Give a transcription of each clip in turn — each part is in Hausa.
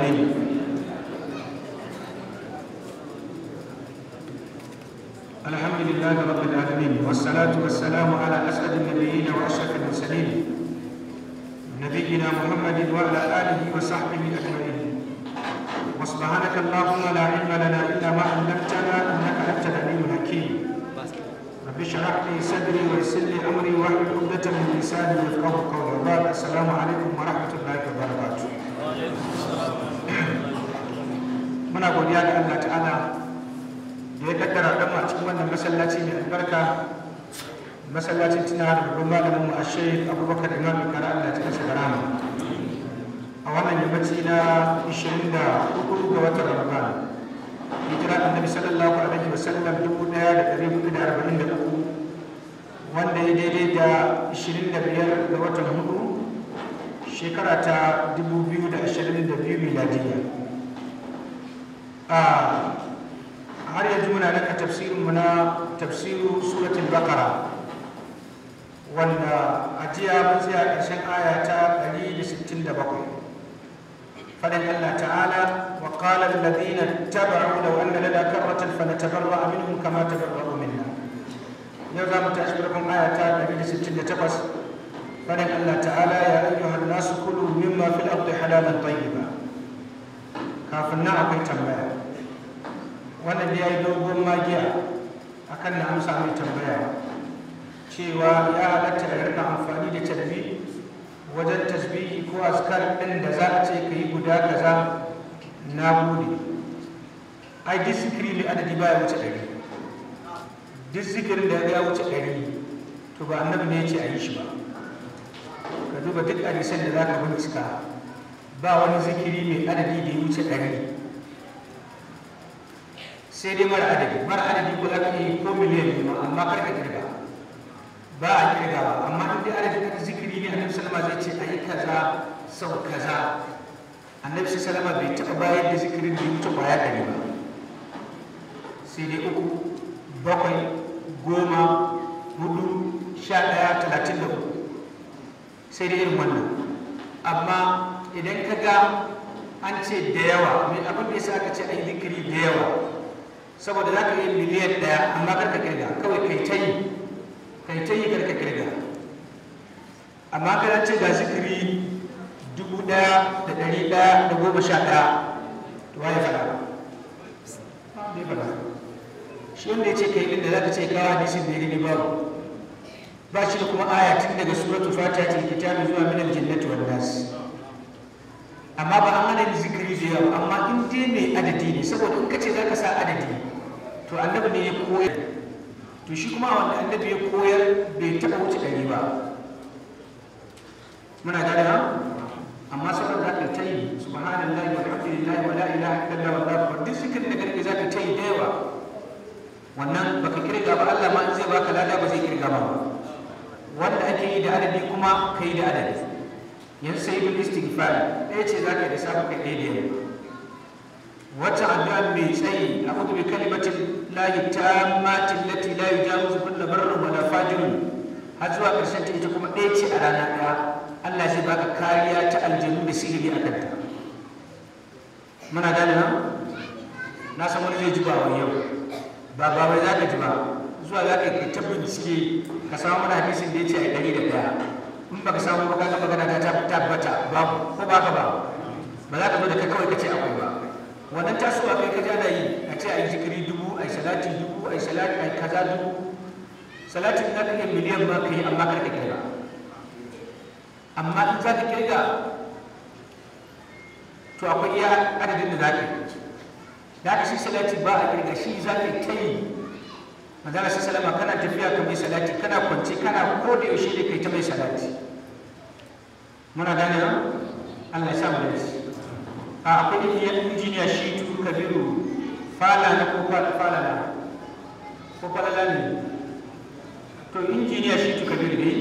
كامل الحمد لله رب العالمين والصلاة والسلام على أسعد النبيين وأشرف المرسلين نبينا محمد وعلى آله وصحبه أجمعين وسبحانك اللهم لا علم لنا إلا ما علمتنا إنك أنت العليم الحكيم رب اشرح لي صدري ويسر لي أمري واحلل عقدة من لساني يفقهوا قولي السلام عليكم ورحمة الله وبركاته muna godiya ga Allah ta'ala da ya kaddara dan a cikin wannan masallaci mai albarka masallacin tana da babban malamin mu a sheikh abubakar imam bin kara Allah ta kasa garama a wannan yammaci na 24 ga watan ramadan hijira Nabi sallallahu alaihi wa sallam 1443 wanda ya daidai da 25 ga watan hudu shekara ta 2022 miladiyya har yanzu muna naka tafsirin mu na tafsiru suratul baqara wanda a jiya mun tsaya ƙarshen aya ta 167 fadin Allah ta'ala wa qala alladhina tabau law anna lana karratan fanatabarra minhum kama tabarra'u minna yau za mu tashi farkon aya ta 168 فلن الله تعالى يا أيها الناس كلوا مما في الأرض حلالا Kafin na أبي تنبيه wanda da ya yi dogon magiya kan na amsa mai tambaya cewa ya halatta da rika amfani da tarbi wajen tasbihi ko askar ɗin da za a ce ka yi guda kaza na gode ai disikiri ne adadi ba ya wuce ɗari disikirin da ya wuce ɗari to ba annabi ne ya ce a yi shi ba ka duba duk hadisan da za ka bincika ba wani zikiri mai adadi da ya wuce ɗari sai dai mara adadi mara adadi ko zaka yi ko miliyan biyu amma kar ka kirga ba a kirga ba amma in dai adadi ka zikiri ne annabi sallama zai ce ayi kaza sau kaza annabi sallama bai taɓa bayar da zikirin da wuce kwaya ɗari ba sai dai uku bakwai goma hudu sha ɗaya talatin da uku sai dai irin wannan amma idan ka ga an ce da yawa mai abin da yasa aka ce ayi zikiri da yawa saboda za ka yi miliyan daya amma karka kirga kawai kai ta yi kai ta yi karka kirga amma kana ce ga zikiri dubu daya da dari daya da goma sha daya to waye fada bai fada shi wanda ya ce kai inda da za ka ce kawo hadisin da ya gani babu ba shi da kuma aya tun daga suratul fatiha ta kitabi zuwa min aljannati wan nas amma ba an hana zikiri da yawa amma in dai mai adadi ne saboda in ka ce za ka sa adadi to annabi ne ya koyar to shi kuma wanda annabi ya koyar bai taɓa wuce ɗari ba muna gane ha amma saboda za ka ta yi subhanallahi walhamdulillahi wala ilaha illallah wallahu Ba duk zikirin da kake za ka ta yi da yawa wannan baka kirga ba Allah ma zai baka lada ba zai kirga ba wanda ake yi da adadi kuma ka yi da adadi yanzu sai ibn istighfar ɗaya ce za ka yi da safe kai ɗaya da yamma wata addu'a mai tsayi a kudu bi kalimatin lahi tammati allati la yujawizu kullu barrin har zuwa ta ita kuma ɗaya ce a rana ɗaya Allah zai baka kariya ta da sihiri a kanta muna gane na san wani zai ba wani yau ba ba za ka zuwa za ka yi ta bincike ka samu wani hadisin da ya ce a ɗari da ɗaya in ba ka samu ba ka ta tabbata ko ka ce a yi a ce salati dubu ai salati ai kaza dubu salatin da kake miliyan ba ka yi amma kar ka kira amma in za ka kira to akwai iya adadin da za ka yi da ka shi salati ba a kira shi za ka ta yi manzana shi salama kana tafiya ka mai salati kana kwance kana ko da yaushe ne kai ta mai salati muna gane Allah ya sa mu da shi akwai injiniya shi tu kabiru fala na ko fala na ko falala ne to injiniya shi tuka dai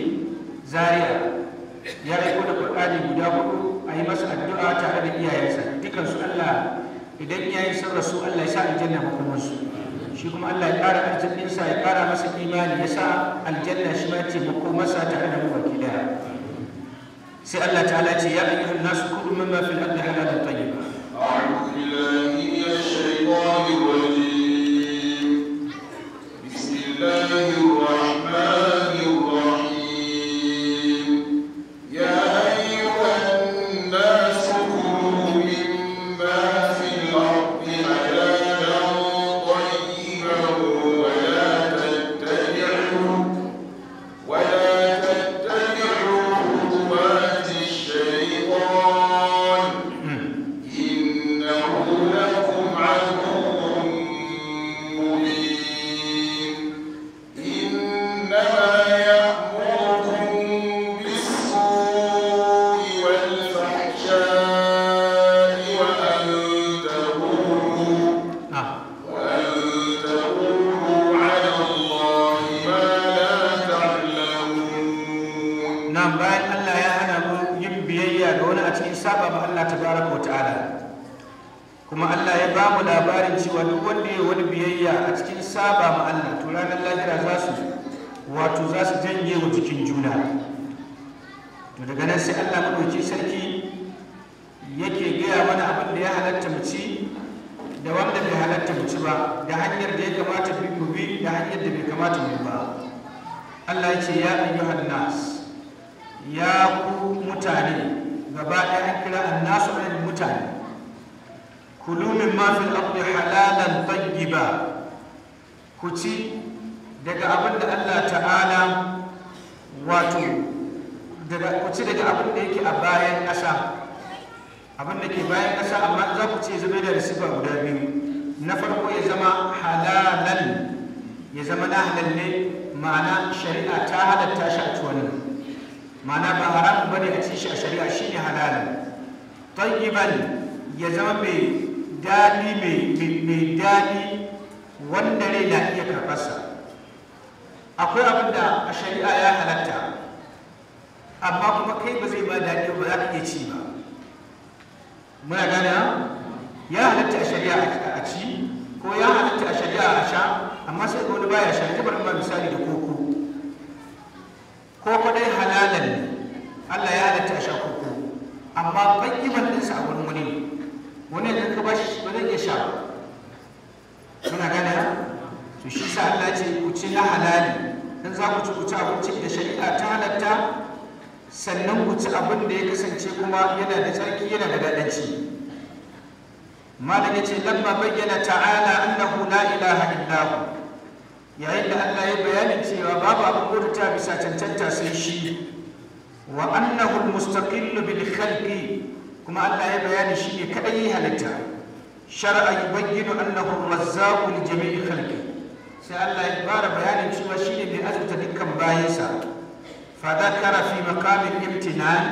zariya ya ko da qur'ani guda hudu a yi masa addu'a tare da iyayensa dukansu Allah idan iyayen sun rasu Allah ya sa aljanna makomansu shi kuma Allah ya ƙara arzikinsa ya ƙara masa imani ya sa aljanna shi ma ce makomarsa tare da mu daya sai Allah ta'ala ce ya ayyuhan nasu kudu mimma fil ardi halalan tayyiba a'udhu billahi الشيطان الرجيم Allah madauki sarki yake gaya mana abin da ya halatta mu ci da wanda bai halatta mu ci ba da hanyar da ya kamata mu bi da hanyar da bai kamata mu ba Allah yake ya ayyuhan nas ya ku mutane gaba ɗaya an kira annasu ɗin mutane kulu min ma fil ardi halalan tayyiba ku ci daga abin da Allah ta'ala wato daga ku ci daga abin da yake a bayan ƙasa abin da ke bayan ƙasa amma za ku ce zama da risifa guda biyu na farko ya zama halalan ya zama na halalle ma'ana shari'a ta halatta shi a tuwani. ma'ana ba haramun bane a ci shi a shari'a shine halalan iban ya zama mai daɗi mai daɗi wanda ne na iya karɓarsa akwai abin da a shari'a ya halatta amma kuma kai ba zai ba daɗi ba za ka iya ci ba muna gane ya halatta a shari'a a ci ko ya halatta a shari'a a sha amma sai ga wani baya sha ta bari ma misali da koko koko dai halalan ne Allah ya halatta a sha koko amma bakiman ɗinsa a wani wani ne wani da ka bashi ba zai iya sha ba muna gane to shi sa Allah ce ku ci na halali dan za ku ci ku ci abinci da shari'a ta halatta sannan ku ci abin da ya kasance kuma yana da tsarki yana da daɗin ci malam ya ce lamma bayyana ta'ala annahu la ilaha illahu yayin da Allah ya bayani cewa babu abin ta bisa cancanta sai shi wa annahu almustaqillu bil khalqi kuma Allah ya bayani shi ne kadai halitta shar'a yubayyinu annahu ar-razzaqu li jami'i khalqi sai Allah ya fara bayanin cewa shi ne mai azurta dukkan bayansa fadakara fi makamin imtinan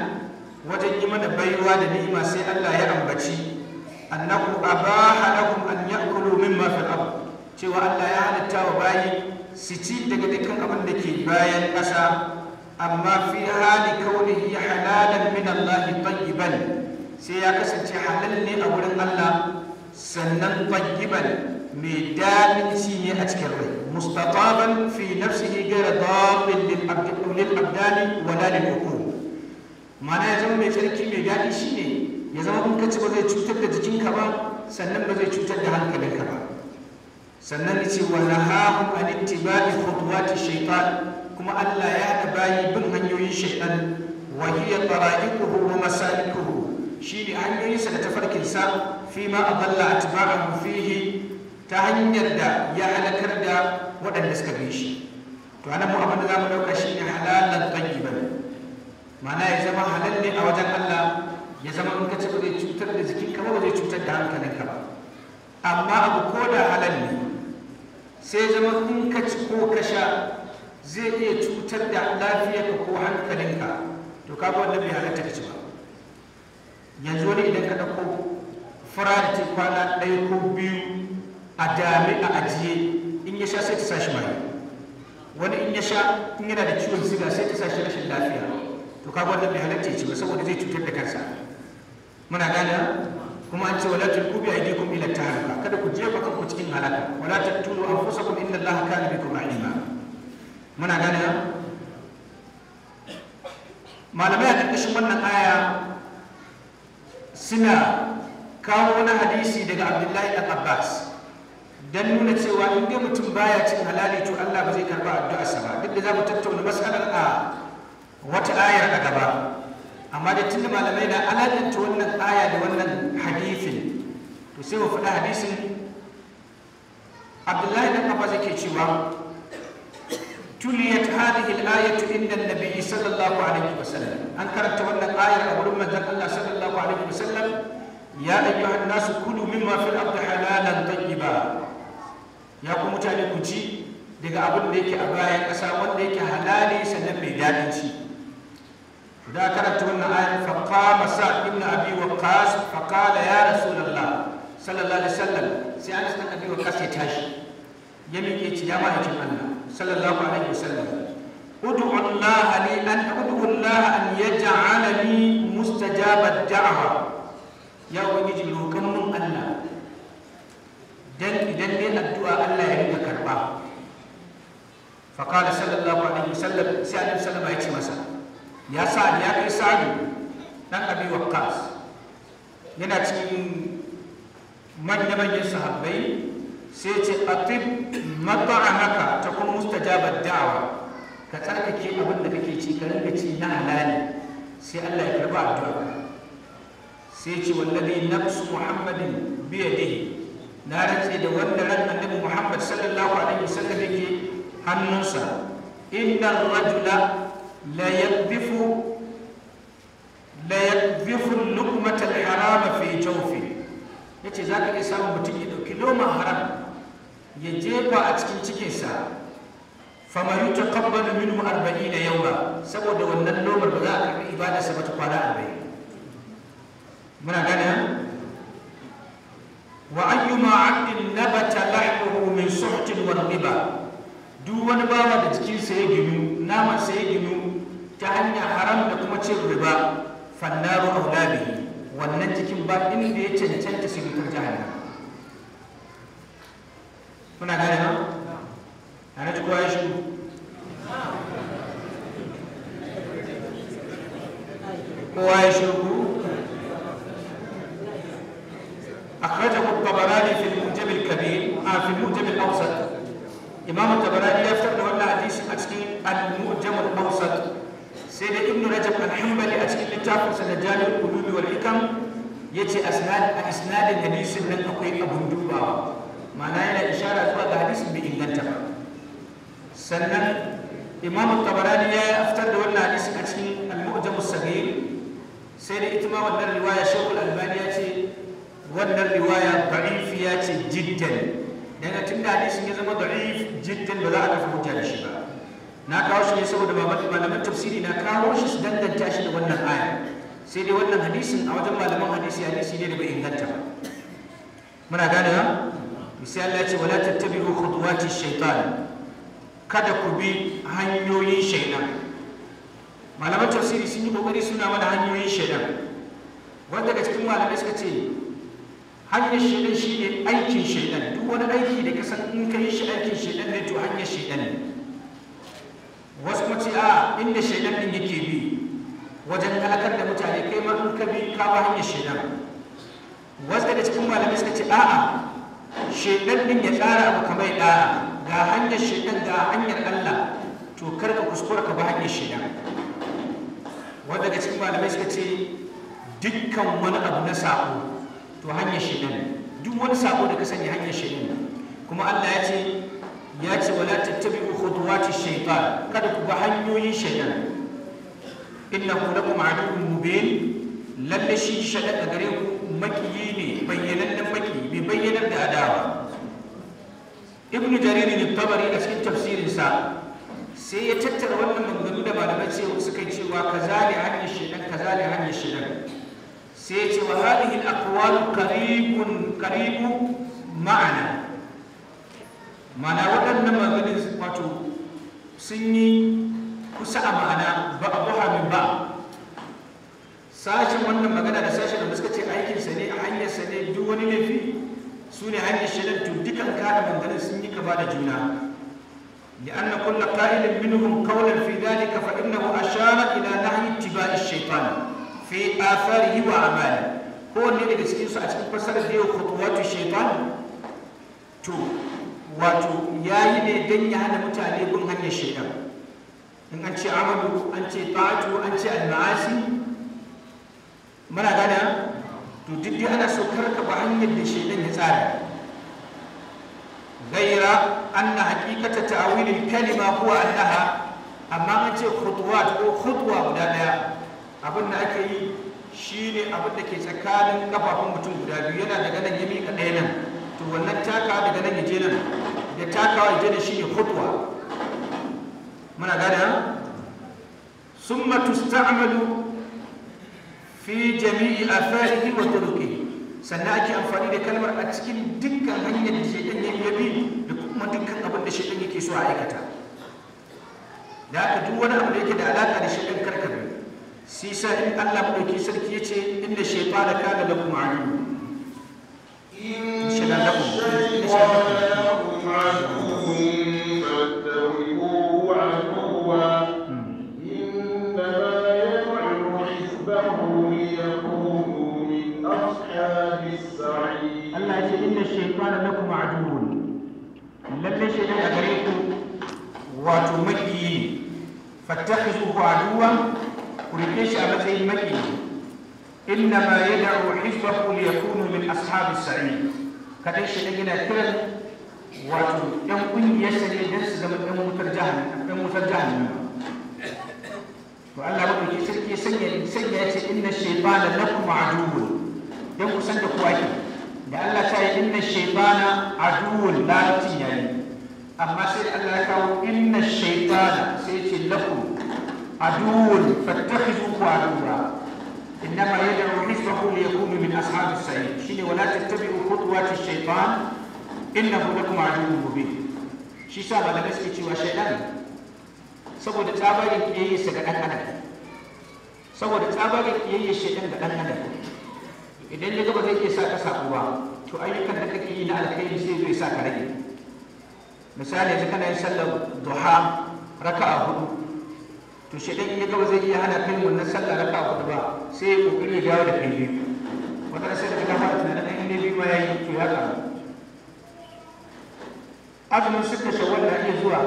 wajen yi mana baiwa da ni'ima sai Allah ya ambaci annahu abaha lakum an ya'kulu mimma fil ard cewa Allah ya halitta wa bayi su daga dukkan abinda ke bayan ƙasa amma fi hali kaunihi halalan min Allah tayyiban sai ya kasance halal ne a wurin Allah sannan tayyiban mai daɗin ci ne a cikin rai mustataban fi nafsihi gaira dabin lil abdali wala lil uqul mana ya zama mai tsarki mai daɗi shine ya zama in ka ba zai cutar da jikinka ba sannan ba zai cutar da hankalinka ba sannan ce wa nahahum an ittiba'i khutuwati shaytan kuma Allah ya hada bayi bin hanyoyin shaytan wa hiya tara'iquhu wa masalikuhu shine hanyoyinsa da tafarkinsa fi ma adalla atba'ahu fihi ta hanyar da ya halakar da waɗanda suka bi shi to anan mu abin za mu ɗauka shi ne halalan tayyiban ma'ana ya zama halal ne a wajen Allah ya zama in ka ci ba zai cutar da jikin ka ba zai cutar da hankalinka ba amma abu ko da halal ne sai zama in ka ci ko ka sha zai iya cutar da lafiyarka ko hankalin ka, to ka ga wannan bai halatta ka ci ba yanzu wani idan ka ɗauko fura da ce kwana ɗaya ko biyu a dame a ajiye in ya sha sai ta sashi mai wani in ya sha in yana da ciwon siga sai ta sashi rashin lafiya to ka wannan mai halatta ya ci ba saboda zai cutar da kansa muna gane kuma an ce wala tulqu bi aydikum ila taharuka kada ku jefa kanku cikin halaka wala taqtulu anfusakum inna allaha kana bikum alima muna gane malamai a ƙarƙashin wannan aya suna kawo wani hadisi daga abdullahi ɗan abbas Dan nuna cewa in dai mutum baya cin halali to Allah ba zai karba addu'arsa ba duk da za mu tattauna matsalar a wata ayar a gaba amma da tunda malamai na alalanta wannan aya da wannan hadithin to sai mu faɗa hadisin Abdullahi dan Abbas yake cewa tuliyat hadhihi al-ayatu inda an-nabi sallallahu alaihi wasallam an karanta wannan ayar a wurin manzon Allah sallallahu alaihi wasallam ya ayyuhan nasu kulu mimma fil ardi halalan tayyiba ya kuma mutane ku ci daga abin da yake a bayan ƙasa wanda yake halali sannan mai daɗin ci da karanta wannan ayat fa qama sa'd ibn abi waqqas fa qala ya rasulullah sallallahu alaihi wasallam sai an ibn Abi qas ya tashi ya miƙe ci ya cikin Allah sallallahu alaihi wasallam ud'u Allah li an ud'u Allah an yaj'alani mustajabad da'wa ya ubangiji roƙon mun dan idan ne addu'a Allah ya rika karba fa qala sallallahu alaihi wasallam sai annabi sallama ya ce masa ya sa ya kai sa'id dan abi waqqas yana cikin manya-manyan sahabbai sai ce atib mata'amaka ta kuma mustajabar da'awa ka tsarkake abin da kake ci ka rinka ci na halali sai Allah ya karba addu'a sai ce wallahi nafsu muhammadin biyadihi na rantse da wanda ran annabi Muhammad sallallahu alaihi wasallam yake hannunsa inna rajula la yadbifu la yadbifu luqmat al-haram fi jawfi yace zaka iya samun mutum ya dauki loma haram ya jefa a cikin cikinsa fama yutaqabbalu minhu 40 yawma saboda wannan lomar ba za a ibada ibadarsa ba ta kwana 40 muna gane wa ayyuma abdin nabata lahmuhu min suhtin wa riba duk wani bawa da jikinsa ya ginu naman sa ya ginu ta hanya haram da kuma cin riba fannaru aulabihi wannan jikin ba inda ya cancanta sai mutar jahannam kuna gane ha imamu tabarani ya fitar da wannan hadisi a cikin al-mu'jam al-awsat sai da ibnu rajab al-hanbali a cikin littafin sa najal al-qulubi wal hikam yace asnad a isnadin hadisin nan akwai abun dubawa ma'ana yana ishara zuwa ga hadisin bi inganta sannan imamu tabarani ya fitar da wannan hadisi a cikin al-mu'jam al-saghir sai da ita ma wannan riwaya shekul albani ya ce wannan riwaya da'ifiya ce jiddan daga tun da hadisin ya zama da'if jiddan ba za a kafa hujja da shi ba na kawo shi ne saboda malaman tafsiri na kawo shi su danganta shi da wannan aya sai dai wannan hadisin a wajen malaman hadisi hadisi ne da bai inganta ba muna gane ba misali Allah ya ce wala ko khutuwati shaytan kada ku bi hanyoyin shaytan malaman tafsiri sun yi kokari suna mana hanyoyin shaidan wanda daga cikin malamai suka ce hanyar shaidan shi ne aikin shaidan duk wani aiki da kasan in ka yi shi aikin shaidan ne to hanyar shaidan ne wasu kuma ce a inda shaidan din yake bi wajen halakar da mutane kai ma in ka bi ka ba hanyar shaidan wasu da cikin malamai suka ce a'a shaidan din ya tsara abu kamar ya ga hanyar shaidan ga hanyar Allah to kar ka kuskura ka ba hanyar shaidan wanda daga cikin malamai suka ce dukkan wani abu na saƙo. to hanyar shaidan duk wani sako da ka sani hanyar shaidan kuma Allah ya ce ya ce wala tattabi'u khutuwati shaytan kada ku ba hanyoyin shaidan innahu lakum aduwwun mubin lalle shi shaidan a gare ku makiyi ne bayyanannen maki bai bayyanar da adawa ibn jarir ibn tabari a cikin tafsirinsa sai ya tattara wannan maganganu da malamai cewa suka yi cewa kazali hanyar shaidan kazali hanyar shaidan sai ce wa hadhihi al-aqwal qaribun qaribu ma'ana mana waɗannan maganin wato sun yi kusa a ma'ana ba ba sashen wannan magana da sashen da suka ce aikinsa ne a sa ne duk wani laifi su ne hanyar shaidar to dukan kada maganin sun yi kaba da juna لأن كل قائل منهم قولا في ذلك فإنه أشار إلى نهي اتباع الشيطان fi yi wa ko kowanne daga cikin su a cikin fasarar da yau khutuwatu shaytan to wato ya yi ne dan ya hana mutane bin hanyar shaytan in an ce Amadu, an ce fatu, an ce al-ma'asi muna gana to duk dai ana so karka ba hanyar da shaytan ya tsara غير أن حقيقة تأويل الكلمة amma an ce أنت ko أو guda ولا abin da ake yi shi ne abin da ke tsakanin kafafun mutum guda biyu yana daga nan ya mika ɗaya nan to wannan taka daga nan ya je nan ya takawa ya je da ne hutuwa muna gane summa tusta'malu fi jami'i afalihi wa turuqihi sannan ake amfani da kalmar a cikin dukkan hanyar da ɗan yami yabi da kuma dukkan abin da ɗan yake so a aikata da haka duk wani abu da yake da alaka da ɗan karkar sai sa in Allah ɗauki sarki ya ce inda shaitana kana da kuma adu shaitana da kuma adu shaitana lakum aduwwun lalle shaitan a gare ku wato maki ne fattakhizuhu وركيش أمثل مكي إنما يدع حزبه ليكون من أصحاب السعيد كتش أجنا كلا وأن كل يسأل الناس إذا من أم مترجهن أم مترجهن وألا بقي كسر كسر إن الشيطان لكم عدو يوم سند قوي لألا تاي إن الشيطان عدو لا تيني أما سيد الله إن الشيطان سيد لكم عدو فاتخذوه عدوا انما يدعو حزبه ليكون من اصحاب السعيد شيني ولا تتبعوا خطوات الشيطان انه لكم عدو مبين shi sa ba da gaske cewa shaidan saboda tsabarin kiyayyarsa ga ɗan adam saboda tsabarin kiyayyar shaidan ga ɗan idan ya gaba zai iya sa ka ba to ayyukan da kake yi na alkhairi sai zai sa ka rage misali yanzu kana yin sallar duha raka'a hudu to shi dan yaga zai iya hana kai na sallah raka hudu ba sai ya kokari ya dawo da kai biyu wata sai da kafa tunanin ɗan ne bi ma yayi to ya ƙaru azumin suka shawar da ake zuwa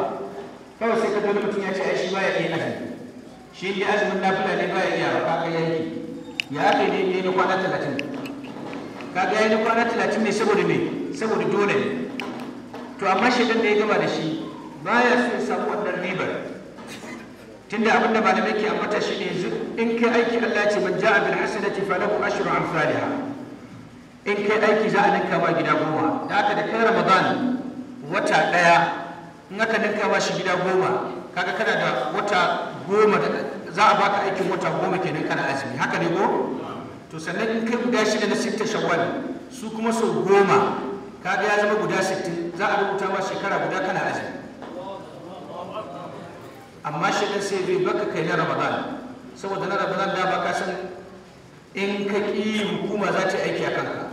kawai sai ka dole mutum ya ce ai shi ba ya iya azumi shi ne azumin nafila ne ba ya yi ba ka yanki ya ake ne ne na kwana talatin ka ga na kwana talatin ne saboda me saboda dole ne to amma shi da ya gaba da shi baya so ya samu wannan tunda abin da malamai ke ambata shi ne in kai aiki Allah ce man ja'a bil hasanati lahu ashru amsalha in kai aiki za a ninka ma gida goma da aka da kai Ramadan wata daya in aka ninka ma shi gida goma kaga kana da wata goma da za a baka aikin wata goma kenan kana azumi haka ne ko to sannan in kai guda shida na sitta shawwal su kuma sau goma kaga ya zama guda sittin za a rubuta ma shekara guda kana azumi amma shi ɗan sai bai baka kai na ramadan saboda na ramadan da baka san in ka ƙi hukuma za ta aiki a kanka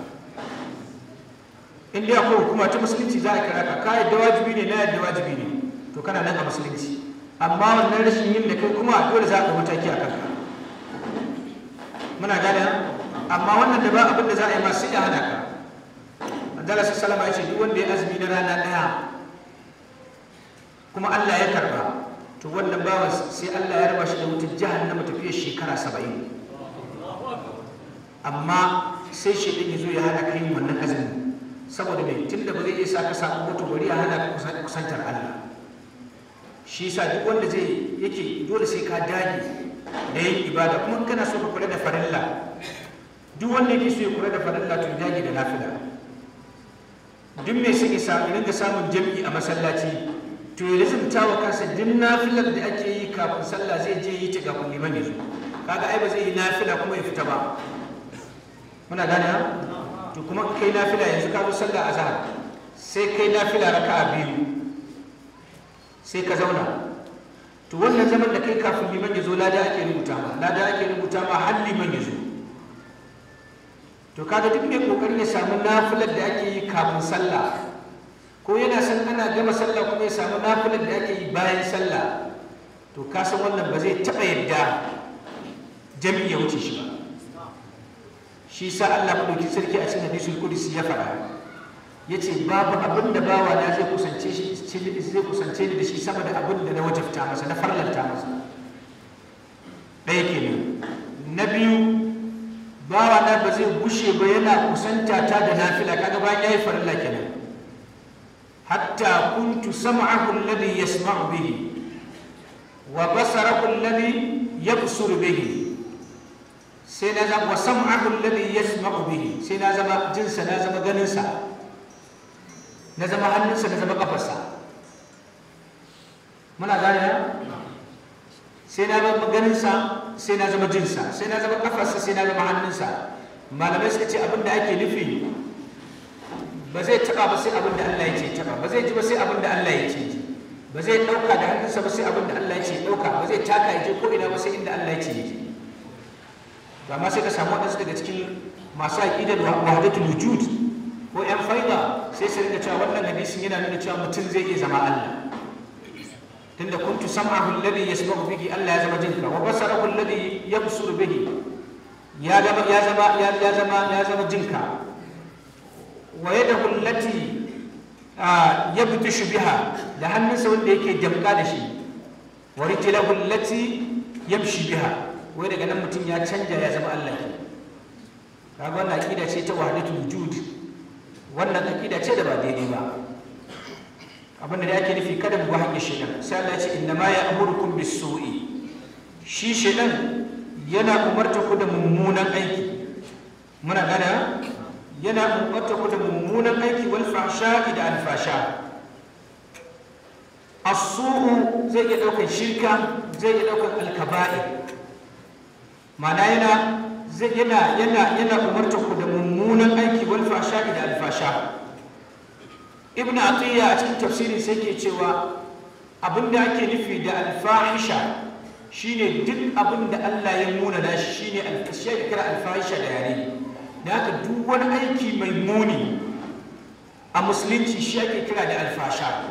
in dai akwai hukuma ta musulunci za a kira ka ka yadda wajibi ne na yadda wajibi ne to kana nan a musulunci amma wannan rashin yin da kai kuma dole za ka mataki a kanka muna gane amma wannan da ba abin da za a yi masu iya hana ka manzala salama ya ce duk wanda ya azumi na rana ɗaya kuma Allah ya karba to wannan bawan sai Allah ya raba shi da wutar jahannama tafiyar shekara saba'in amma sai shi ɗin zo ya hana kai wannan azumi saboda mai da ba zai iya sa ka samu mutu bari ya hana ka kusantar Allah shi sa duk wanda zai yake dole sai ka dage da yin ibada kuma kana so ka kula da farilla duk wanda yake so ya kula da farilla to dage da nafila duk mai sun isa idan ka samun jam'i a masallaci to ya lizumta wa kansa duk nafilar da ake yi kafin sallah zai je yi ta kafin liman ya zo kaga ai ba zai yi nafila kuma ya fita ba muna gane to kuma kai nafila yanzu ka zo sallah azhar sai kai nafila a biyu sai ka zauna to wannan zaman da kai kafin liman ya zo lada ake rubuta ma lada ake rubuta ma har liman ya zo to kaga duk mai kokarin ya samu nafilar da ake yi kafin sallah ko yana san ana gama sallah kuma ya samu nafilin da ake yi bayan sallah to ka san wannan ba zai taɓa yadda jami ya wuce shi ba shi sa Allah ɗauki sarki a cikin hadisul qudsi ya faɗa yace babu abin da bawa na zai kusance shi zai kusance ni da shi sama da abin da na wajabta masa na farlanta masa ɗaya kenan na biyu bawa na ba zai gushe ba yana kusanta ta da nafila kaga bayan yayi farilla kenan hatta kuntu sam'ahu alladhi yasma'u bihi wa basarahu alladhi yabsuru bihi bihi sai na zama jinsa na na zama hannunsa na zama kafarsa na sai na zama ganinsa sai na zama sai na zama kafarsa sai na zama malamai suka ce abin da ake nufi ba zai taba ba sai abin da Allah ya ce taba ba zai ji ba sai abin da Allah ya ce ji ba zai dauka da hannunsa ba sai abin da Allah ya ce dauka ba zai taka ya je ko ina ba sai inda Allah ya ce yake to amma sai ka samu wadansu daga cikin masu aqidar wahdatul wujud ko yan faida sai su rinka cewa wannan hadisin yana nuna cewa mutum zai iya zama Allah tunda kuntu sam'ahu alladhi yasma'u bihi Allah ya zama jinka wa basarahu alladhi yabsuru bihi ya zama ya zama ya zama ya zama jinka wa yadahu allati yabtashu biha da hannunsa wanda yake jamka da shi wa rijlahu allati yamshi biha wai daga nan mutum ya canza ya zama Allah kaga wannan aqida ce ta wahdatul wujud wannan aqida ce da ba daidai ba abinda da ake nufi kada mu hanyar shedan sai Allah ya ce inna ma ya'murukum bis-su'i shi shedan yana umarta ku da mummunan aiki muna gana yana umarta ku da mummunan aiki wal fahsha da al fahsha as-su'u zai iya daukar shirka zai iya daukar al-kaba'i ma'ana yana zai yana yana yana umarta ku da mummunan aiki wal fahsha da al fahsha ibnu atiya a cikin tafsirin sai ke cewa abinda ake nufi da al fahisha shine duk abinda Allah ya nuna da shi shine al-fahsha kira al fahisha da yare da haka duk wani aiki mai muni a musulunci shi ake kira da alfasha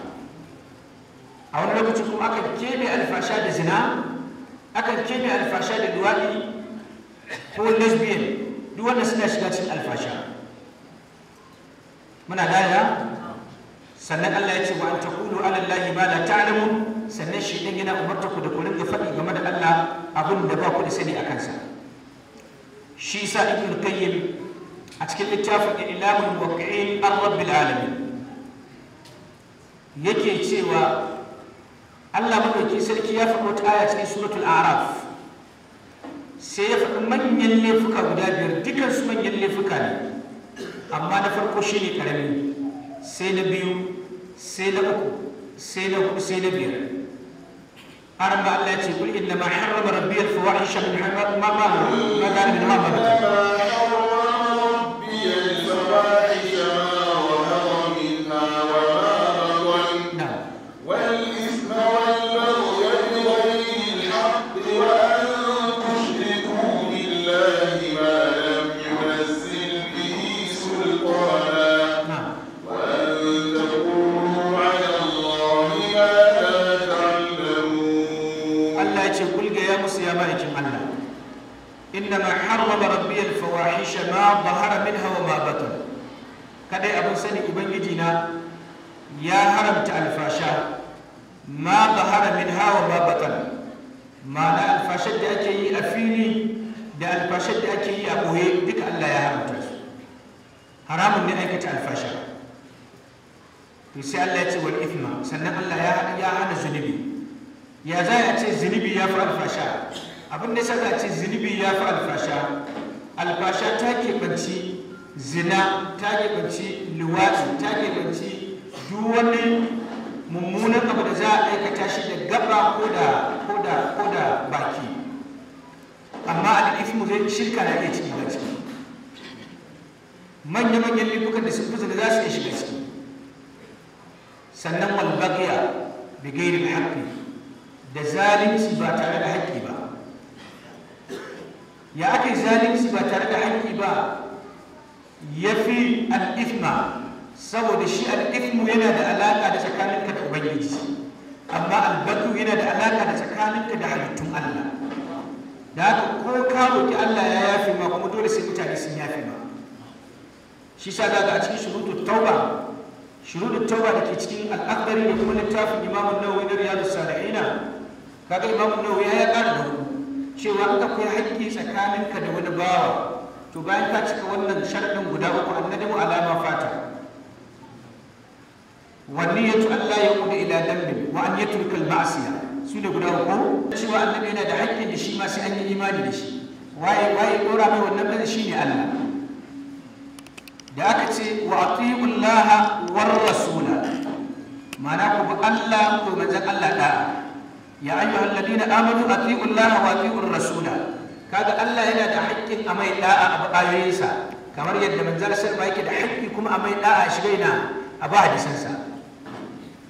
a wani lokaci kuma aka keɓe alfasha da zina aka keɓe alfasha da luwaɗi ko lesbian duk wanda suna shiga cikin alfasha muna daya sannan Allah ya ce wa an taqulu ala Allahi ma la ta'lamu sannan shi din yana umarta ku da ku ringa faɗi game da Allah abin da ba ku da sani a kansa shi sa ibn qayyim a cikin littafin ilamul muwaqqi'in an rabbil alamin yake cewa Allah madauki sarki ya faɗo ta aya cikin suratul a'raf sai ya faɗi manyan laifuka guda biyar dukkan su manyan laifuka ne amma na farko shine karami sai na biyu sai na uku sai na hudu sai na biyar أنا ما الله تقول إنما حرم ربي الفواحش من حرم ما ما ما قال من حمام saboda shi al'ifmu yana da alaƙa da tsakaninka da ubangiji amma albatu yana da alaƙa da tsakaninka da halittun allah da haka ko ka roƙi allah ya yafe ma kuma dole sai mutane sun yafe ma shi sa za a cikin shurutu tauba tauba da ke cikin al'akari da kuma littafin imamun nawawi na riyadu salihina kaga imamun nawawi ya ƙara da cewa an akwai haƙƙi tsakaninka da wani bawa to bayan ka cika wannan sharɗin guda uku annabi alama fata wanniyatu an la yaqud ila dambi wa an yatrik al ma'siya su ne guda uku cewa yana da haƙƙin shi ma sai an yi imani da shi waye waye dora mai wannan bane shine Allah da aka ce wa atiqu allaha war rasula ma'ana ku bi Allah ku manzon Allah da ya ayyuhal ladina amanu atiqu allaha wa atiqu rasula kaga Allah yana da haƙƙin amai da'a a bayoyinsa kamar yadda manzon sai baki da haƙƙi kuma amai da'a shi gaina a ba hadisinsa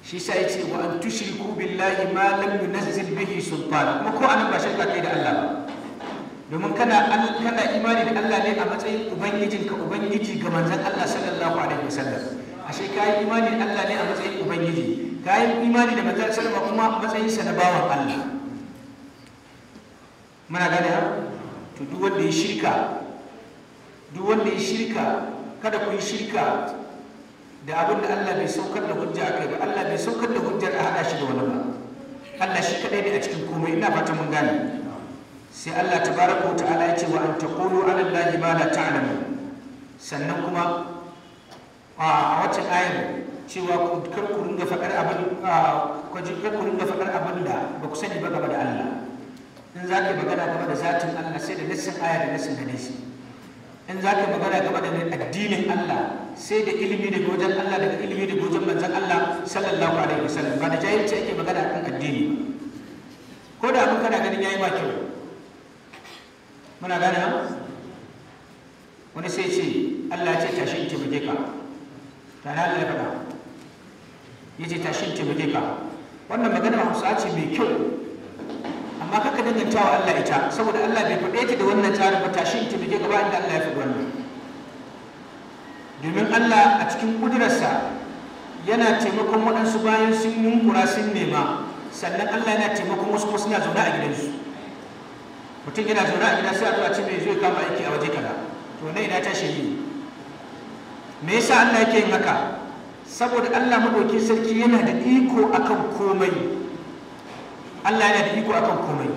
shi sa yace wa an tushriku billahi ma lam yunzil bihi sultana kuma ko anan ba shirka kai da Allah ba domin kana kana imani da Allah ne a matsayin ubangijin ka ubangiji ga manzon Allah sallallahu alaihi wasallam ashe kai imani da Allah ne a matsayin ubangiji kai imani da manzon sallallahu kuma matsayin sa na bawan Allah muna gane ha to duk wanda ya shirka duk wanda ya shirka kada ku yi shirka da abin da Allah bai saukar da hujja a kai ba Allah bai saukar da hujjar a hada shi da wani ba Allah shi kadai ne a cikin komai ina fata mun gane sai Allah tabaraka ta'ala ya ce wa an taqulu ala Allahi ma la ta'lamu sannan kuma a wata ayar cewa kar ku ringa faɗar abin kar ku ringa faɗar abin da ba ku sani ba game da Allah in za ka magana game da zatin Allah sai da nassin aya da nassin hadisi in za ka magana game da addinin Allah sai da ilimi da wajen Allah daga ilimi da wajen manzan Allah sallallahu alaihi wasallam ba da jahilci ake magana kan addini ko da mun kana ganin yayi ba kyau muna gane wani sai ce Allah ya ce tashi ki taimake ka tare na ya faɗa ya ce tashi in taimake ka wannan magana Hausa ce mai kyau amma kaka danganta wa Allah ita saboda Allah bai faɗe ta da wannan tsarin ba shi ta bige gaba inda Allah ya faɗi wannan domin Allah a cikin kudurarsa yana taimakon waɗansu bayan sun yunkura sun nema sannan Allah yana taimakon wasu kuma suna zaune a gidansu mutum yana zaune a gida sai a zuwa ce mai ya kama aiki a waje kaza to na ina ta shi me yasa Allah yake yin haka saboda Allah madaukin sarki yana da iko akan komai Allah yana da iko akan komai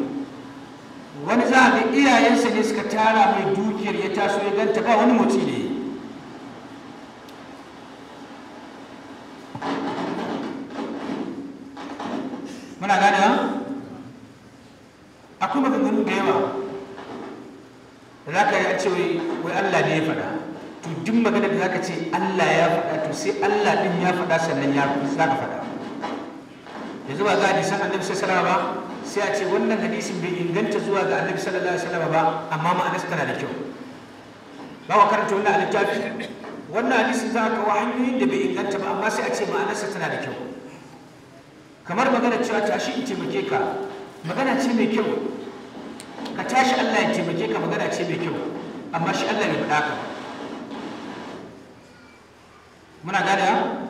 wani za a ga iyayensa ne suka tara mai dukiyar ya taso ya ganta ba wani motsi ne muna gane akwai maganganu da yawa da za ka yi a ce wai Allah ne ya faɗa to duk magana da za ka ce Allah ya faɗa to sai Allah ɗin ya faɗa sannan ya za ka faɗa yanzu ba ga hadisan annabi sallallahu alaihi wasallam ba sai a ce wannan hadisin bai inganta zuwa ga annabi sallallahu alaihi wasallam ba amma ma'anarsa tana da kyau ba wa karanta wannan a littafi wannan hadisi za ka hanyoyin da bai inganta ba amma sai a ce ma'anarsa tana da kyau kamar magana cewa tashi in taimake ka magana ce mai kyau ka tashi Allah ya taimake ka magana ce mai kyau amma shi Allah ne faɗa ka muna gane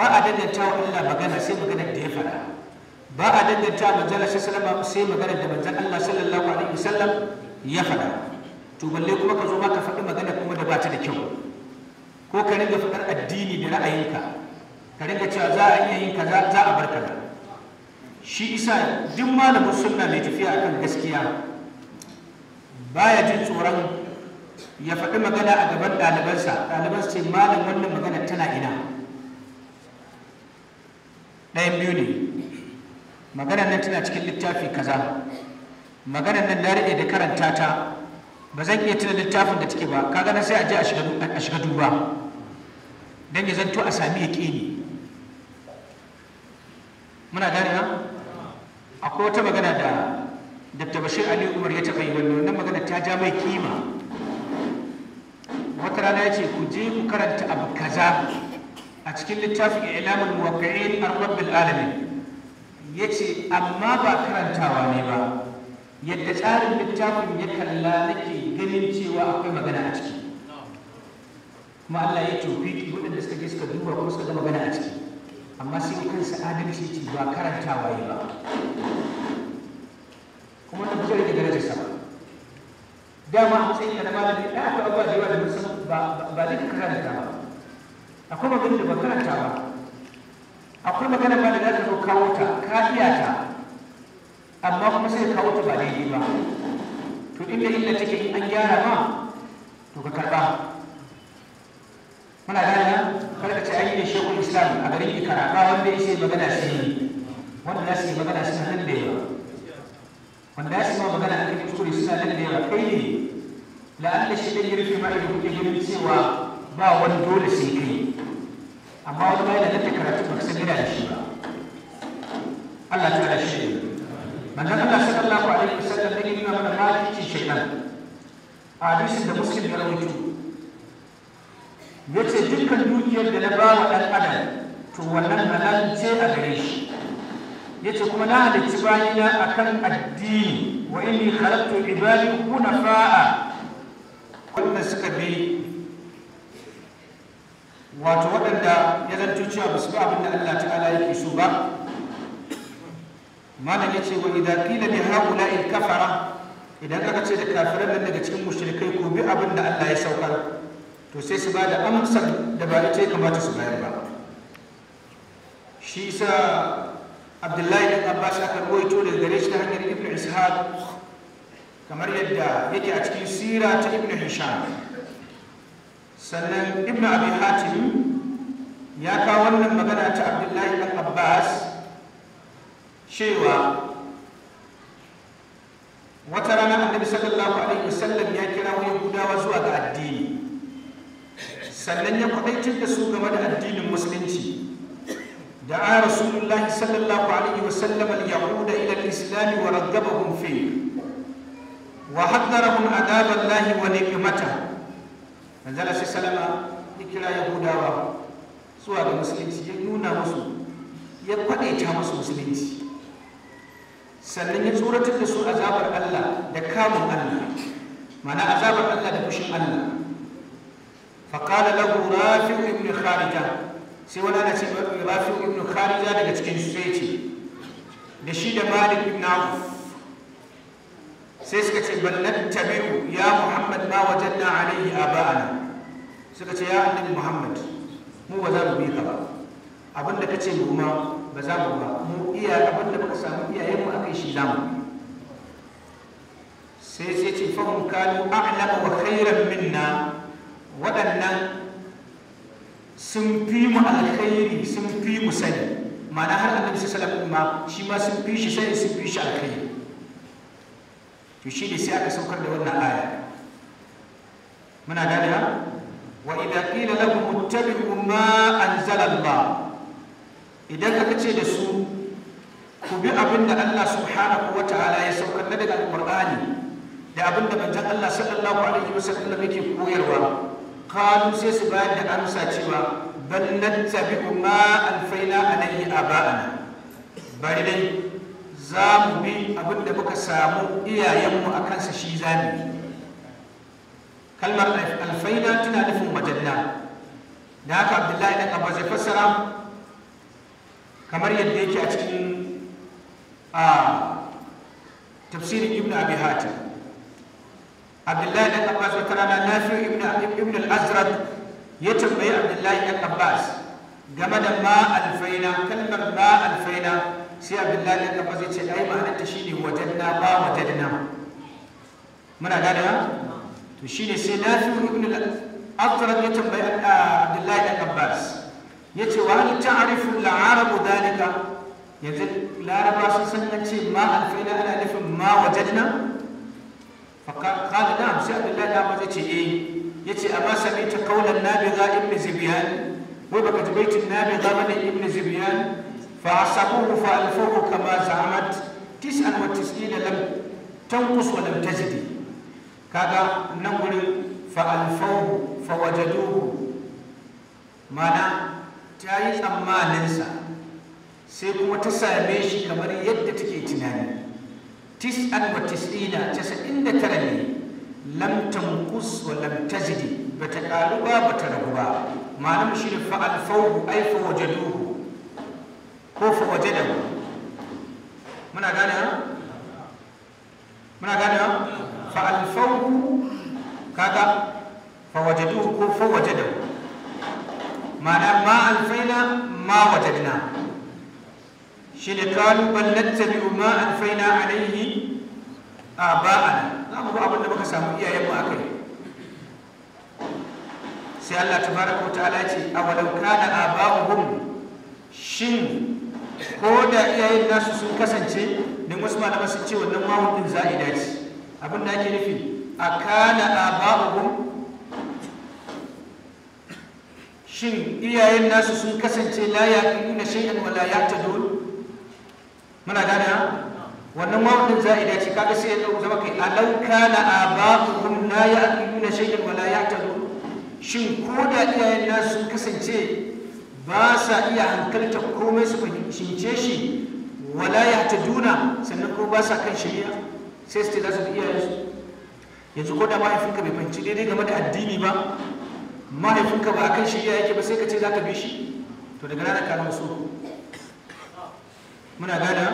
ba a danganta wa Allah magana sai magana da ya faɗa ba a danganta wa manzon Allah sallallahu sai magana da manzon Allah sallallahu alaihi wasallam ya faɗa to balle kuma ka zo ma ka faɗi magana kuma da ba ta da kyau ko ka ringa faɗar addini da ra'ayinka ka ringa cewa za a iya yin kaza za a bar shi isa duk malamin sunna mai tafiya akan gaskiya baya jin tsoron ya faɗi magana a gaban ɗalibansa ɗaliban ce malam wannan magana tana ina ɗayan biyu ne maganar nan tana cikin littafi kaza maganar nan na rike da karanta ta ba zan iya tuna littafin da take ba kaga na sai a je a shiga duba don ya zanto a sami ne muna gane na akwai wata magana da dr bashir ali umar ya taɓa yi wannan magana ta ja mai kima wata rana ya ce ku je ku karanta abu kaza cikin littafin ilamin muwaqqi'in ar-rabbil alamin yace amma ba karantawa ne ba yadda tsarin littafin ya kalla nake ganin cewa akwai magana a ciki kuma Allah ya tofi waɗanda suka je suka duba kuma suka ga magana a ciki amma sai kansa adalci ce ba karantawa ne ba kuma na fitar da darajar sama dama a matsayin da na malami da aka abuwa da yawa da musamman ba zai karanta ba akwai magana da ba karanta ba akwai magana ba da za ta zo kawo ta ka ta amma kuma sai kawo ta ba daidai ba to inda illa take in an gyara ma to ka karba muna gane kar ka ce an da shekul islam a garin ikara ba wanda ya sai magana yi, wanda za su yi magana suna nan da yawa wanda za su yi magana a cikin kuskure suna nan da yawa kai ne la'alla shi ne yi rufe da kuke ganin cewa ba wani dole sai kai amma wani ma yana da karatu ba san yana da shi ba Allah ta shi manzon Allah sallallahu alaihi wasallam ne nuna mana malikin shaytan a hadisin da muslim ya rawaito yace dukkan dukiyar da na ba wa dan adam to wannan halal ce a gare shi yace kuma na halicci bayina akan addini wa inni khalaqtu ibadi hunafa'a wanda suka bi wato waɗanda ya zanto cewa ba su bi abin da Allah ta'ala yake so ba malam yace wa idza qila li haula'i kafara idan aka ce da kafiran nan daga cikin mushrikai ko bi abin da Allah ya saukar to sai su ba da amsar da ba ita ya kamata su bayar ba shi sa Abdullahi da Abbas aka rawaito daga gare shi ta hanyar Ibn Ishaq kamar yadda yake a cikin sira ta Ibn Hisham sannan ibn abi hatim ya kawo wannan magana ta abdullahi Ɗan abbas cewa wata rana annabi sallallahu alaihi wasallam ya kira wani gudawa zuwa ga addini sannan ya kwadaitar da su game da addinin musulunci da a rasulullahi sallallahu alaihi wasallam al-yahuda ila al-islam wa raggabahum fi wa haddarahum adab Allah wa ni'matahu manzala sai salama ya kira yahudawa zuwa da musulunci ya nuna musu ya kwaɗaita musu musulunci sannan ya tsoratar da su azabar allah da kamun allah mana azabar allah da fushin allah faƙala lahu rafi ibn kharija sai wani ana ce rafi ibn kharija daga cikin su sai ce da shi da malik ibn auf sai suka ce bal nattabi'u ya muhammad wajen na ma wajadna alayhi aba'ana suka ce ya annabi muhammad mu ba za mu bi ka ba abinda kace mu kuma ba za mu ba mu iya abinda ka samu iyayen mu yi shi zamu sai sai ce fahim kanu a'lamu wa khairan minna waɗannan sun fi mu alkhairi sun fi mu sani ma'ana har annabi sallallahu alaihi wasallam ma shi ma sun fi shi sani sun fi shi alkhairi to shi ne sai aka saukar da wannan aya muna ganewa wa idza qila lahum ittabi'u ma anzala Allah idan aka ce da su ku bi abin da Allah subhanahu wa ta'ala ya saukar na daga alqur'ani da abin da manzon Allah sallallahu alaihi wasallam yake koyarwa qalu sai su bayar da amsa cewa bal nattabi'u ma alfaina alayhi aba'ana bari dai za mu bi abin da muka samu iyayenmu a kansa shi za mu yi kalmar alfaina tana nufin majanna da haka abdullahi da abbas zai fassara kamar yadda yake a cikin a tafsirin ibn abi hatim abdullahi da abbas wata rana nafi ibn al-azrad ya tambayi abdullahi da abbas game da ma alfaina kalmar ma alfaina sai abdullahi da ba ce ai ma'anar ta shine wajanna ba na. muna gane to shine sai nafi ibn al-aqrab ya tambayi ah, abdullahi da abbas yace wa hal ta'rifu al-arab dalika yanzu laraba sun san an ce ma alfaina ana nufin ma wajanna fa qala na'am sai abdullahi da abbas yace eh yace amma sami ta kaulan nabi ga ibn zibyan wai baka ji baitin nabi ga ibn zibiyan? فعصروه فألفوه كما زعمت تسعا وتسعين لم تنقص ولم تزد كذا نقول فألفوه فوجدوه معنى تاي tsammaninsa sai kuma ta same shi kamar yadda take tunani tis'an wa tis'ina casa'in da tara lam tanqus wa lam bata ƙaru ba bata ragu ba ma'anar shi ne fa'alfau ai ko fa wajadahu muna gane ha muna gane ha fa alfahu kaga fa wajaduhu ko fa wajadahu ma'ana ma alfaina ma wajadna shi ne kalu ballanta bi ma alfaina alaihi a ba'ana za mu ga abin da muka samu iyayenmu a yi. sai Allah tabaraka wa ta'ala ya ce awalau kana aba'uhum shin ko da iyayen nasu sun kasance ne wasu malaman sun ce wannan mahun din za'ida ce abin da ake nufi a kana aba'uhum shin iyayen nasu sun kasance la yaqiluna shay'an wa la yahtadun muna gane wannan mahun din za'ida ce kada sai ya zama kai alau kana aba'uhum la yaqiluna shay'an wa la dole shin ko da iyayen nasu sun kasance ba sa iya hankalta komai su fahimce shi wala ya ta duna sannan kuma ba sa kan shari'a sai su ce za su bi iyayensu yanzu ko da mahaifinka bai fahimci daidai game da addini ba mahaifinka ba a kan shari'a yake ba sai ka ce za ka bi shi to daga rana ka su, muna gada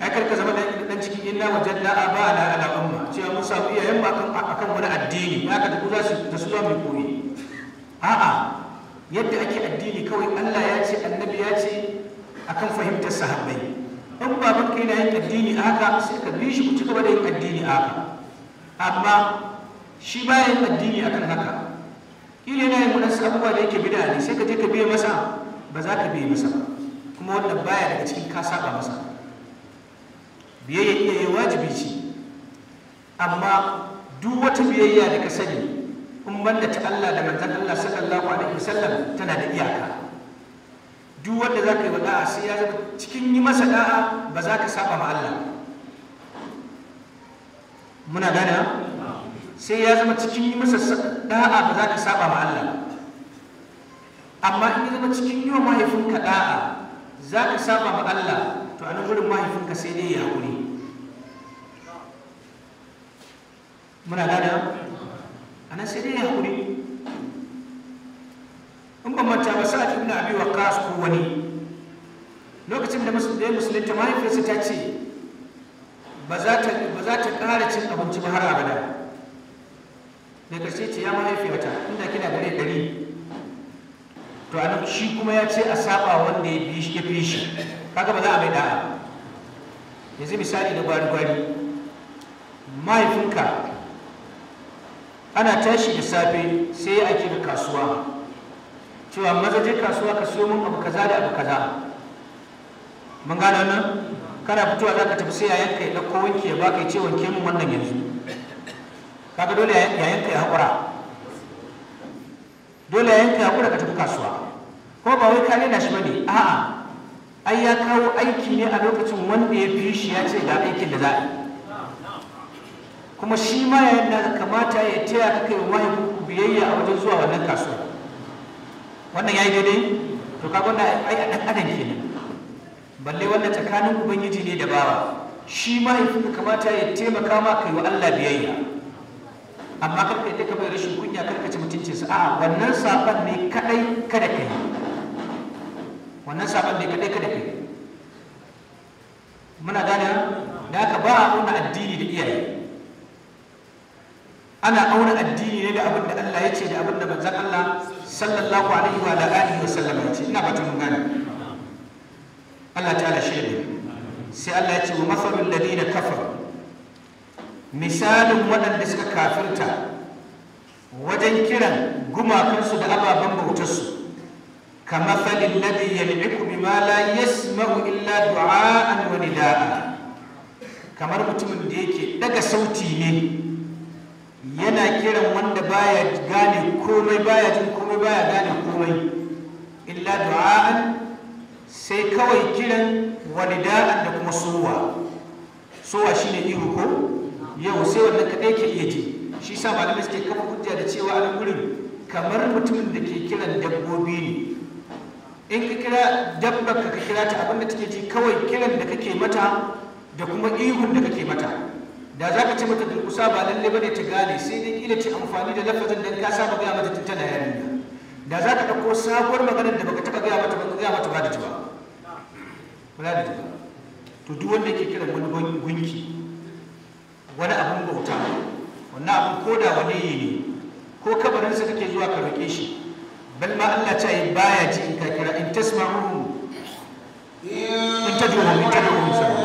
ai karka zama dan cikin inna wa jalla aba ala ala umma cewa mun samu iyayen ba akan wani addini ba ka tafi za su da su mu koyi a'a yadda ake addini kawai Allah ya ce annabi ya ce akan fahimtar sahabbai in baban kai na yin addini haka sai ka bi shi ku ci gaba da yin addini haka amma shi ba yin addini a kan haka kila yana yin wadansu abubuwa da yake bida ne sai ka je ka biya masa ba za ka biye masa kuma wannan baya daga cikin ka saba masa biyayya iya yi wajibi ce amma duk wata biyayya da ka sani kuma wanda ta Allah da manzan Allah sallallahu alaihi wasallam tana da iyaka duk wanda zaka yi da'a sai ya zama cikin yi masa da'a ba za ka saba ma Allah muna gane sai ya zama cikin yi masa da'a ba za ka saba ma Allah amma in ya zama cikin yi wa mahaifinka da'a za ka saba ma Allah to a nan gurin mahaifinka sai dai ya haƙuri muna gane Ana sai dai hakuri in ban manta ba sa'ad ibn abi waqas ko wani lokacin da musulunta mahaifiyarsa ta ce ba za ta ƙara cin abinci ba har abada da karshe ce ya mahaifiyata inda kina da gari to a shi kuma ya ce a saba wanda ya fi shi kaga ba za a mai da'a yanzu misali da gwari-gwari mahaifinka ana tashi da safe sai ya aiki da kasuwa cewa maza je kasuwa ka siyo mun abu kaza da abu kaza mun gane nan kana fitowa za ka tafi sai yayan ka ya ɗauko wanki ya baka ce wanke mun wannan yanzu kaga dole yayan ka ya haƙura dole yayan ka ya haƙura ka tafi kasuwa ko ba wai ka na shi bane a'a ai ya kawo aiki ne a lokacin wanda ya fi shi ya ce ga aikin da za a yi kuma shi ma yayin kamata ya taya aka yi wahi ku biyayya a wajen zuwa wannan kasuwa wannan ya yi daidai to ka gwada ai a dan adam kenan balle wannan tsakanin ubangiji ne da bawa shi ma ya kamata ya taimaka ma kai wa Allah biyayya amma kar kai ka bai rashin kunya ka ci mutuncin sa a'a wannan saban ne kadai kada kai wannan saban ne kadai kada kai muna gane da ka ba a nuna addini da iyaye ana auna addini ne da abin da Allah ya ce da abin da manzon Allah sallallahu alaihi wa alihi wa sallam ya ce ina fatan gane Allah ta'ala shi ne sai Allah ya ce wa masalul ladina kafar misalin waɗanda suka kafirta wajen kiran gumakansu da ababen bautarsu kamar falin ladin yal'iku bima la yasma'u illa du'a'an wa nida'a kamar mutumin da yake daga sauti ne yana kiran wanda baya gane komai baya jin komai baya gane komai illa du'a sai kawai kiran wani da'an da kuma sowa sowa shine ihu ko yau sai ka kadai ke iya ji shi sa ba suke kafa hujja da cewa a gurin kamar mutumin da ke kiran dabbobi ne in ka kira dabbar ka kira ta abinda take ji kawai kiran da kake mata da kuma ihun da kake mata da za ka ci mata durkusa ba lalle ba ne ta gane sai dai kila ce amfani da lafazin don ka saba gaya mata ta tana yarinya da za ka ɗauko sabuwar maganar da baka taɓa gaya mata ba gaya mata ba da ta ba da ta to duk wanda ke kiran wani gunki wani abun bauta wannan abun ko da wani yi ne ko kabarinsa kake zuwa ka roƙe shi bal ma Allah ta yi baya ji in ka kira in tasma'uhum in tad'uhum in tad'uhum sa'a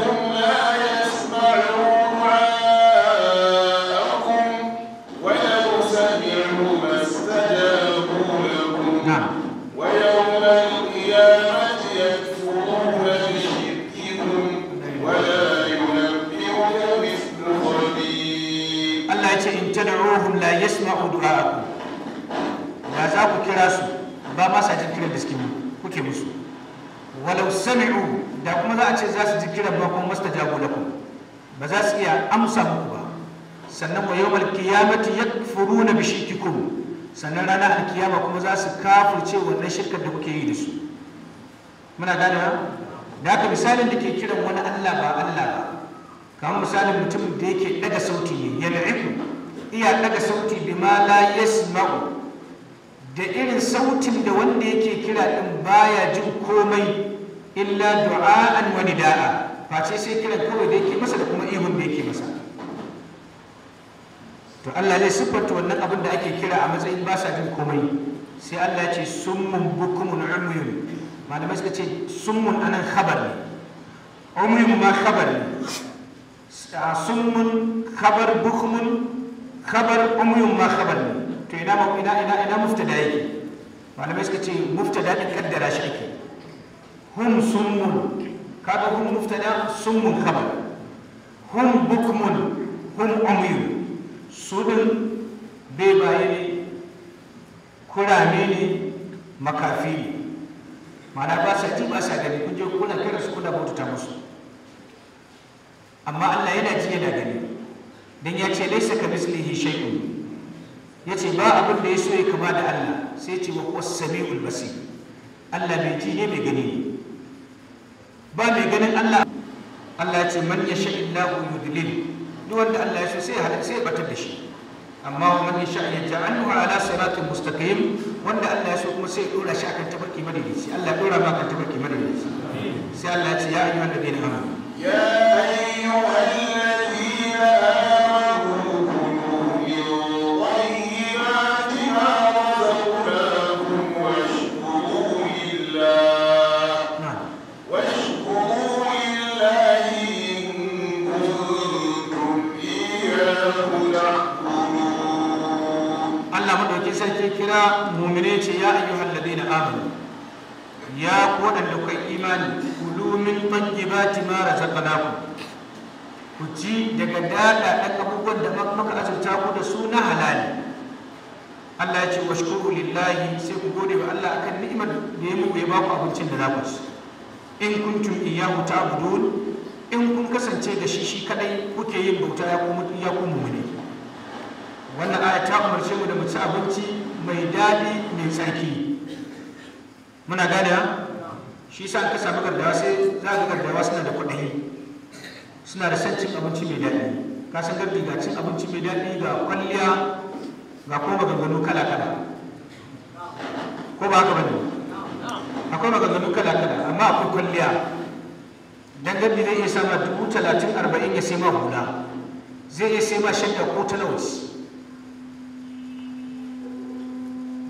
fastajabu lakum ba za su iya amsa muku ba sannan wa yawmal qiyamati yakfuruna bi shirkikum sannan rana ranar kiyama kuma za su kafirce wannan shirkar da kuke yi da su muna gane ba da haka misalin da ke kiran wani Allah ba Allah ba kamar misalin mutumin da yake daga sauti ya yal'iku iya daga sauti ma la yasma'u da irin sautin da wanda yake kira din baya jin komai illa du'a'an wani nida'a face sai kiran kawai da yake masa da kuma ihun da yake masa to Allah zai siffanta wannan abin da ake kira a matsayin ba sa jin komai sai Allah ya ce summun bukumun umyun malamai suka ce summun anan khabar ne umyun ma khabar ne summun khabar bukumun khabar umyun ma khabar ne to ina ma ina ina ina muftada yake malamai suka ce muftada din kaddara shi ake hum summun kaga hum muftada mun khabar hum bukmun hum umyu su din bebaye ne kurame ne makafi ne mana ba sa ji ba sa gani kun je kuna kira su kuna ta musu amma Allah yana ji yana gani dan ya ce laisa ka mislihi shay'un ce ba abin da ya so ya kama da Allah sai ce wa huwa samiul basir Allah bai ji ne mai gani ne Allah ya ce man yasha illahu yudlil duk wanda Allah ya so sai sai batar da shi amma wa man yasha ya ja'alhu ala siratin mustaqim wanda Allah ya so kuma sai dora shi akan tabarki madalici Allah ya dora ma tabarki madalici sai Allah ya ce ya ayyuhan ladina amanu ya kira mumine ce ya ayyuhal na amanu ya waɗanda kai imani kulu min tayyibati ma razaqnakum ku ci daga dada ɗan abubuwan da muka azurta ku da su na halali Allah ya ce wa shukuru lillahi sai ku gode wa Allah akan ni'imar da ya muku ya baku abincin da za ku ci in kun kuntum iyyahu ta'budun in kun kasance da shi shi kadai kuke yin bauta ya ku mutu ya wannan aya ta umarce mu da mu ci abinci mai daɗi mai tsarki muna gane shi sa ka samu gardawa sai za ga gardawa suna da kwaɗayi suna da son cin abinci mai daɗi ka san gardi ga cin abinci mai daɗi ga kwalliya ga kuma maganganu kala kala ko ba haka ba ne akwai maganganu kala kala amma akwai kwalliya dan gardi zai iya sama dubu talatin arba'in ya sai ma hula zai iya sai ma shadda ko talauci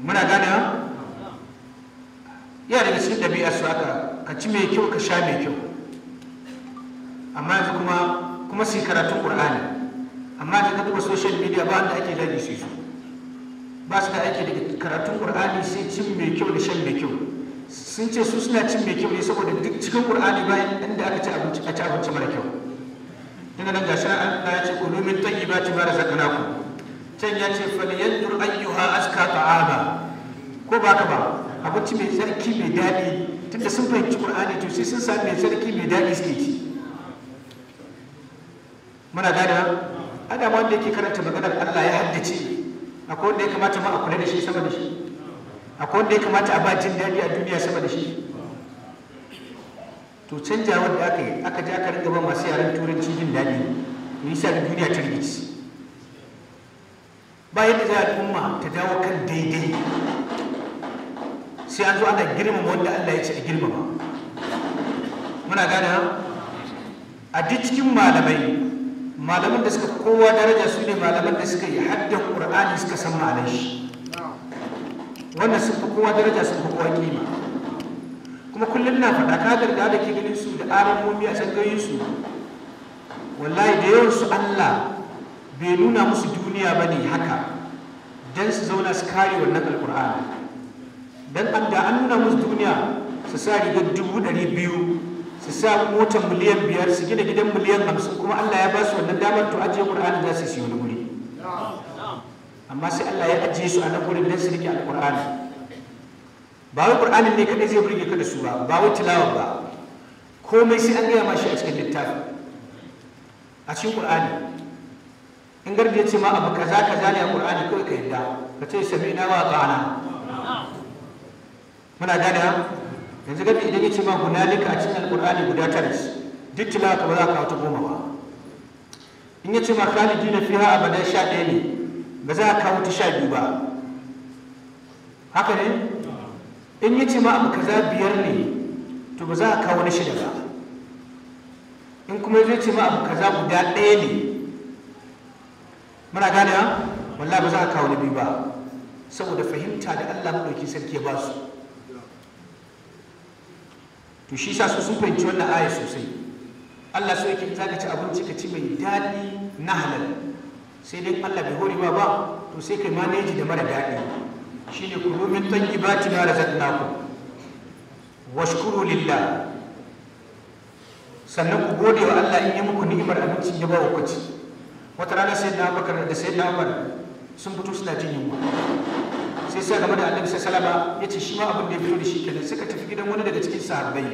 muna gane ganewa yana daga cikin ɗabi'ar su aka ka ci mai kyau ka sha mai kyau amma yanzu kuma kuma su karatun ƙur'ani amma ta ka social media ba wanda ake zagi su su ba su da aiki daga karatun ƙur'ani sai cin mai kyau da shan mai kyau sun ce su suna cin mai kyau ne saboda duk cikin ƙur'ani bayan inda aka ci abinci a ci abinci mara kyau ina nan gashi Allah ya ce ulumin tayyibati mara zakanaku. can ya ce falyanzur ayyuha aska ta'ama ko ba ka ba abinci mai tsarki mai daɗi tunda sun fahimci qur'ani to sai sun sami mai tsarki mai daɗi suke ci muna gada adam wanda yake karanta maganar Allah ya haddace akwai wanda ya kamata ma a kula da shi sama da shi akwai wanda ya kamata a ba jin daɗi a duniya sama da shi to canjawar da aka yi aka ji aka rinka ba masu yaren turanci jin daɗi ne da duniya ta rikici bayan da za al'umma ta dawo kan daidai sai an zo ana girmama wanda Allah ya ce a girmama muna gane a duk cikin malamai malaman da suka kowa daraja su ne malaman da suka yi haddan qur'ani suka san malai shi wannan sun fi kowa daraja sun fi kowa kima kuma kullum na faɗa kadar da da ke ganin su da aramomi a sangayin su wallahi da yawan su Allah bai nuna musu duk duniya ba ne haka don su zauna su kare wannan alkur'ani don an da an nuna musu duniya su sa rigar dubu ɗari biyu su sa motar miliyan biyar su gina gidan miliyan hamsin kuma allah ya ba su wannan damar to ajiye ƙur'ani za su siyo wani wuri amma sai allah ya ajiye su a nan wurin don su rike alkur'an ba wai ƙur'anin ne kaɗai zai burge ka da su ba ba wai tilawa ba komai sai an gaya ma shi a cikin littafi a cikin ƙur'ani in garbi ya ce ma abu kaza kaza ne a qur'ani kai ka yadda ka ce sami'na wa ata'na muna gane yanzu garbi idan ya ce ma hunalika a cikin alqur'ani guda tara duk tilawa ka ba za ka wata goma ba in ya ce ma khalidina fiha abada sha ɗaya ne ba za ka kawo ta sha biyu ba haka ne in ya ce ma abu kaza biyar ne to ba za ka kawo na shida ba in kuma zai ce ma abu kaza guda ɗaya ne muna gane ha wallahi ba za a kawo nabi ba saboda fahimta da Allah madauki sarki ya ba su to shi sa su sun fahimci wannan aya sosai Allah so yake zaka ci abinci ka ci mai daɗi na halal sai dai Allah bai hori ba ba to sai kai maneji da mara daɗi shine kulu min tayyibati ma razaqnakum washkuru lillah sannan ku gode wa Allah in yi muku ni'imar abincin ya ba ku ci wata rana sai na bakar da sai na umar sun fito suna jin yunwa sai sai game da annabi sai salama ya ce shi ma abin da ya fito da shi kenan suka tafi gidan wani daga cikin sahabbai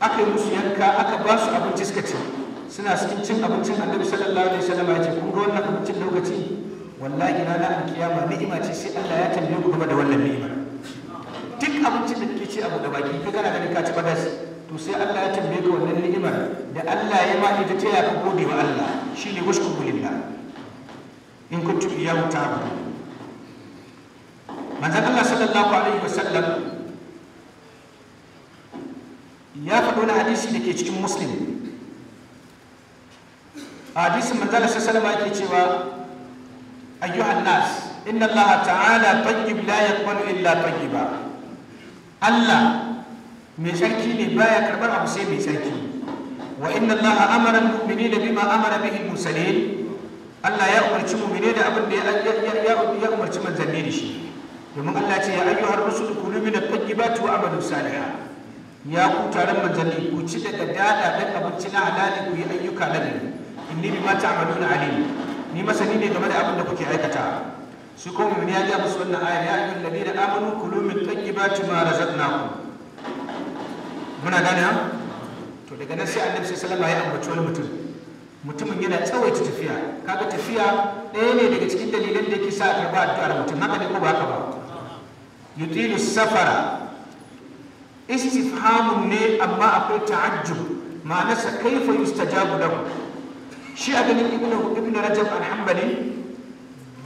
aka yi musu yanka aka ba su abinci suka ci suna cikin cin abincin annabi sallallahu alaihi wasallam ya ce kun ga wannan abincin lokaci wallahi rana alkiyama ni'ima ce sai Allah ya tambaye ku game da wannan ni'ima duk abincin da kike ci abu da baki ka gana ganin ka ci badas to sai Allah ya tambaye ka wannan ni'imar da Allah ya ma ita ta ya ka gode wa Allah shi ne wasu lillah in kuntum iyyahu ta'budun manzon Allah sallallahu alaihi wasallam ya faɗo wani hadisi da ke cikin muslim a hadisin manzon Allah sallallahu alaihi wasallam yake cewa ayyuhan nas inna Allah ta'ala tayyib la yaqbalu illa tayyiba Allah mai sarki ne baya karbar abu sai mai sarki. وإن الله أمر المؤمنين بما amara به المرسلين Allah ya umarci mu'mine da abin da ya umarci manzanni da shi domin Allah ce ya ayyuhar rusulu kulu min at-tayyibati wa amalu salihah ya ku taron manzanni ku ci daga dada dan abinci na halali ku yi ayyuka na gari inni bi ma ta'maluna alim ni masani ne game da abin da kuke aikata su ko mu'mine ya ga musu wannan aya ya ayyuhal ladina amanu kulu min at-tayyibati ma razaqnakum muna gane ha to daga nan sai annabi sallallahu alaihi wasallam ya ambaci mutum mutumin yana tsawaita tafiya kaga tafiya ɗaya ne daga cikin dalilan da yake sa a karba da mutum haka ne ko ba haka ba yutilu safara istifhamu ne amma akwai ta'ajjub ma'anarsa kaifa yustajabu lahu shi a ganin ibnu ibnu rajab al-hanbali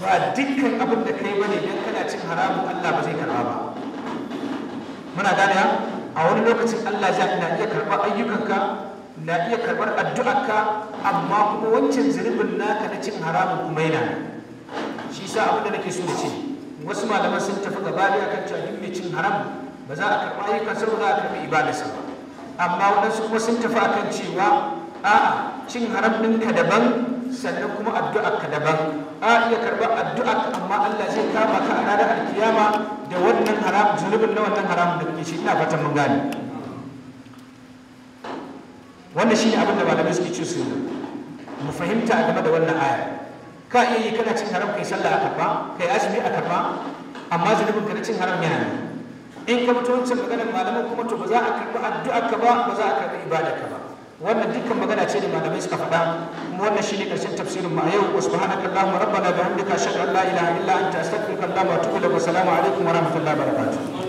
ba dukkan abin da kai bane dan kana cin haramun Allah ba zai karba ba muna gane a wani lokacin Allah ya na iya karɓar ayyukanka na iya karɓar addu'arka amma kuma wancan zunubin naka na cin haramun kuma yana shi sa abin da nake so da ce wasu malaman sun tafi gaba da akan cewa duk mai cin haram ba za a karɓi ayyukan ba za a karɓi ibadarsa ba amma waɗansu kuma sun tafi akan cewa a'a cin haram ɗinka daban sannan kuma addu'arka daban a iya karɓar addu'a amma Allah zai kama ka a ranar alkiyama da wannan haram zunubin na wannan haramun da ke shi ina fatan mun gane wannan shine abin da malamai suke cewa su mu fahimta game da wannan aya ka iya yi kana cin haram kai sallah a karba kai azumi a karba amma zunubin ka na cin haram yana in ka mutu wancan maganar malamai kuma to ba za a karɓi addu'a ka ba ba za a karɓi ibada ka ba wannan dukkan magana ce da malamai suka faɗa kuma wannan shine karshen tafsirin mu a yau wa subhanaka allahumma rabbana bihamdika ashhadu an la ilaha illa anta astaghfiruka wa atubu ilaik wa assalamu alaikum wa rahmatullahi wa barakatuh